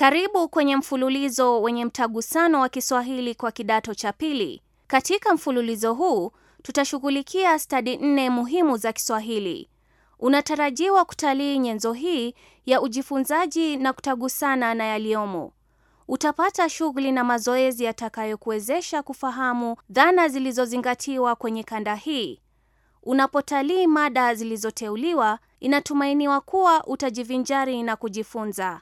Karibu kwenye mfululizo wenye mtagusano wa Kiswahili kwa kidato cha pili. Katika mfululizo huu tutashughulikia stadi nne muhimu za Kiswahili. Unatarajiwa kutalii nyenzo hii ya ujifunzaji na kutagusana na yaliyomo. Utapata shughuli na mazoezi yatakayokuwezesha kufahamu dhana zilizozingatiwa kwenye kanda hii. Unapotalii mada zilizoteuliwa, inatumainiwa kuwa utajivinjari na kujifunza.